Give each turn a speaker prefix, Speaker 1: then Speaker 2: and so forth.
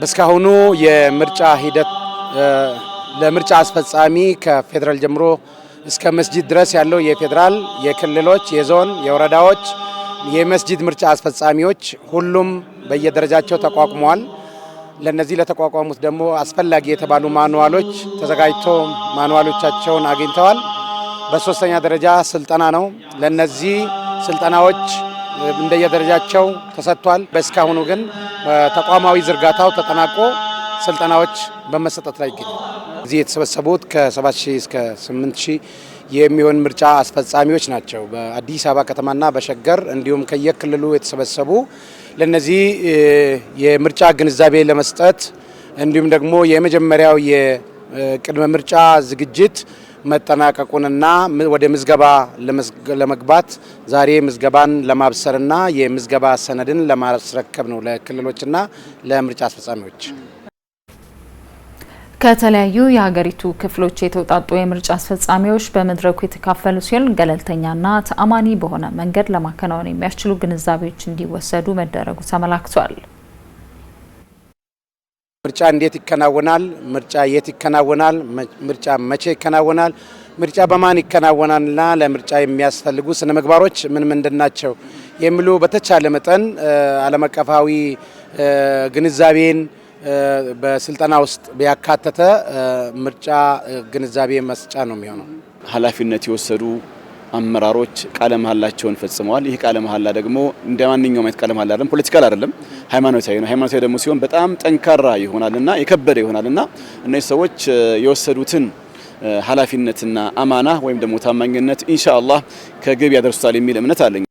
Speaker 1: በስካሁኑ የምርጫ ሂደት ለምርጫ አስፈጻሚ ከፌዴራል ጀምሮ እስከ መስጂድ ድረስ ያለው የፌዴራል፣ የክልሎች፣ የዞን፣ የወረዳዎች የመስጂድ ምርጫ አስፈጻሚዎች ሁሉም በየደረጃቸው ተቋቁመዋል። ለነዚህ ለተቋቋሙት ደግሞ አስፈላጊ የተባሉ ማኑዋሎች ተዘጋጅቶ ማኑዋሎቻቸውን አግኝተዋል። በሶስተኛ ደረጃ ስልጠና ነው። ለነዚህ ስልጠናዎች እንደየደረጃቸው ተሰጥቷል። በእስካሁኑ ግን ተቋማዊ ዝርጋታው ተጠናቆ ስልጠናዎች በመሰጠት ላይ ይገኛል። እዚህ የተሰበሰቡት ከ7 ሺህ እስከ 8 ሺህ የሚሆን ምርጫ አስፈጻሚዎች ናቸው። በአዲስ አበባ ከተማና በሸገር እንዲሁም ከየክልሉ የተሰበሰቡ ለነዚህ የምርጫ ግንዛቤ ለመስጠት እንዲሁም ደግሞ የመጀመሪያው የቅድመ ምርጫ ዝግጅት መጠናቀቁንና ወደ ምዝገባ ለመግባት ዛሬ ምዝገባን ለማብሰርና የምዝገባ ሰነድን ለማስረከብ ነው ለክልሎችና ለምርጫ አስፈጻሚዎች።
Speaker 2: ከተለያዩ የሀገሪቱ ክፍሎች የተውጣጡ የምርጫ አስፈጻሚዎች በመድረኩ የተካፈሉ ሲሆን ገለልተኛና ተአማኒ በሆነ መንገድ ለማከናወን የሚያስችሉ ግንዛቤዎች እንዲወሰዱ መደረጉ ተመላክቷል።
Speaker 1: ምርጫ እንዴት ይከናወናል? ምርጫ የት ይከናወናል? ምርጫ መቼ ይከናወናል? ምርጫ በማን ይከናወናልና ለምርጫ የሚያስፈልጉ ስነ ምግባሮች ምን ምንድን ናቸው? የሚሉ በተቻለ መጠን ዓለም አቀፋዊ ግንዛቤን በስልጠና ውስጥ ቢያካተተ ምርጫ ግንዛቤ መስጫ ነው የሚሆነው።
Speaker 3: ኃላፊነት የወሰዱ አመራሮች ቃለ መሀላቸውን ፈጽመዋል። ይህ ቃለ መሀላ ደግሞ እንደ ማንኛውም አይነት ቃለ መሀላ አይደለም፣ ፖለቲካል አይደለም፣ ሃይማኖታዊ ነው። ሃይማኖታዊ ደግሞ ሲሆን በጣም ጠንካራ ይሆናልና የከበደ ይሆናልና እነዚህ ሰዎች የወሰዱትን ኃላፊነትና አማና ወይም ደግሞ ታማኝነት ኢንሻአላህ ከግብ ያደርሱታል የሚል እምነት አለኝ።